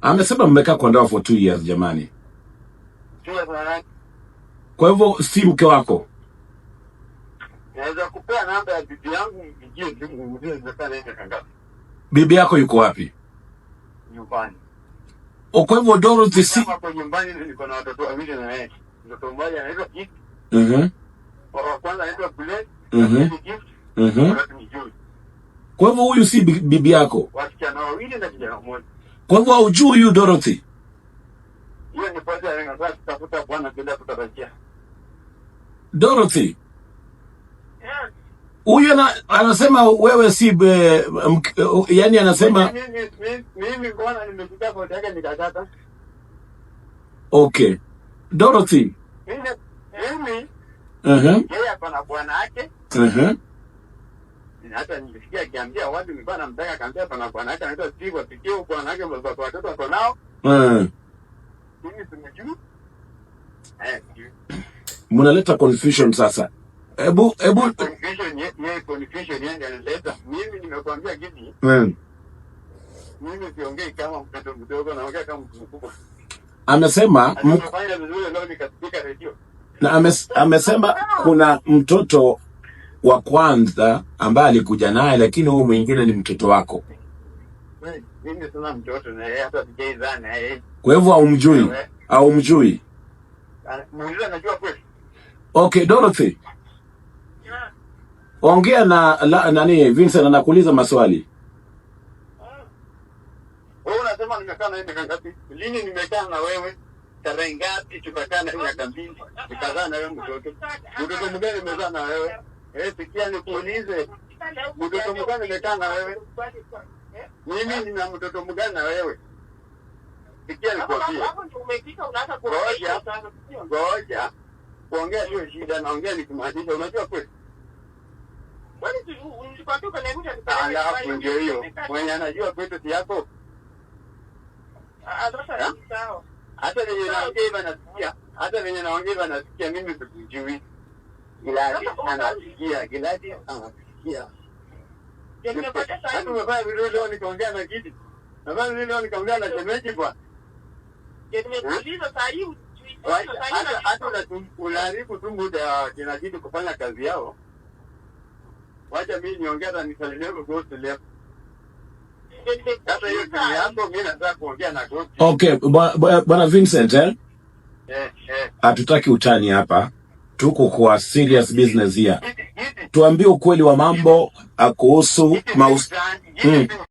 Amesema mmekaa kwa ndoa for two years jamani. Kwa hivyo si mke wako? Naweza kupea namba ya bibi yangu mpigie simu kangapi. Bibi yako yuko wapi? Nyumbani. O, oh, kwa hivyo Dorothy si nyumbani, niko na watoto wawili na yeye. Mtoto mmoja anaitwa Gift. Mhm. Wa kwanza anaitwa Bullet. Mhm. Mhm. Kwa hivyo huyu si bibi yako, wasichana wawili na kijana mmoja. Kwa hivyo haujui huyu Dorothy. Hiyo ni pote anataka kutafuta bwana bila kutarajia. Dorothy. Huyu yeah. Anasema wewe si be, uh, yani anasema mimi bwana nimekuja kwa dada nikakata. Okay. Dorothy. Mimi mimi. Eh. Yeye hapa na bwana yake. Mhm. Uh -huh hata nilisikia akiambia watu nilikuwa namtaka, akaambia pana bwana yake anaitwa Steve bwana yake watoto wako nao mm. Mimi simjui eh, eh mnaleta confusion sasa. Ebu ebu confusion yeye, confusion yeye analeta. Mimi nimekuambia mm. Mimi siongei kama mtoto mdogo, naongea kama mtu mkubwa. Amesema na ames, amesema kuna mtoto wa kwanza ambaye alikuja naye, lakini huyu mwingine ni mtoto wako. Mimi sina mtoto na yeye hata yeye. Kwa hivyo haumjui, eh, eh. haumjui. ok doroth kweli. Okay, Dorothy. Ongea na la, nani Vincent anakuuliza maswali. Ah. Wewe unasema nimekaa na yeye miaka ngapi? Lini nimekaa na wewe? Tarehe ngapi tumekaa na yeye miaka mbili? Nikazaa na wewe mtoto. Mtoto nimezaa na wewe? Eh, pitia nikuulize mtoto mgani amekaa na wewe? Mimi nina mtoto mgani na wewe? sikia nikuambie. Ngoja. Ngoja. Kuongea sio shida, naongea nikimaanisha. Unajua kweli? Alafu ndio hiyo mwenye anajua kwetu si yako. Ah, hata venye naongea hivi nasikia, hata venye naongea hivi nasikia mimi sikujui. Gladys anasikia, anasikia. leo, nikaongea na Gidi, leo, nikaongea na shemeji kwa hata unaharibu tu muda wa kina Gidi kufanya kazi yao. Wacha mi niongea nisaliliwe gosi leo. Okay, bwana Vincent eh? eh? eh. Hatutaki utani hapa tuko kwa serious business here. Tuambie ukweli wa mambo ah, kuhusu mahusiano mm.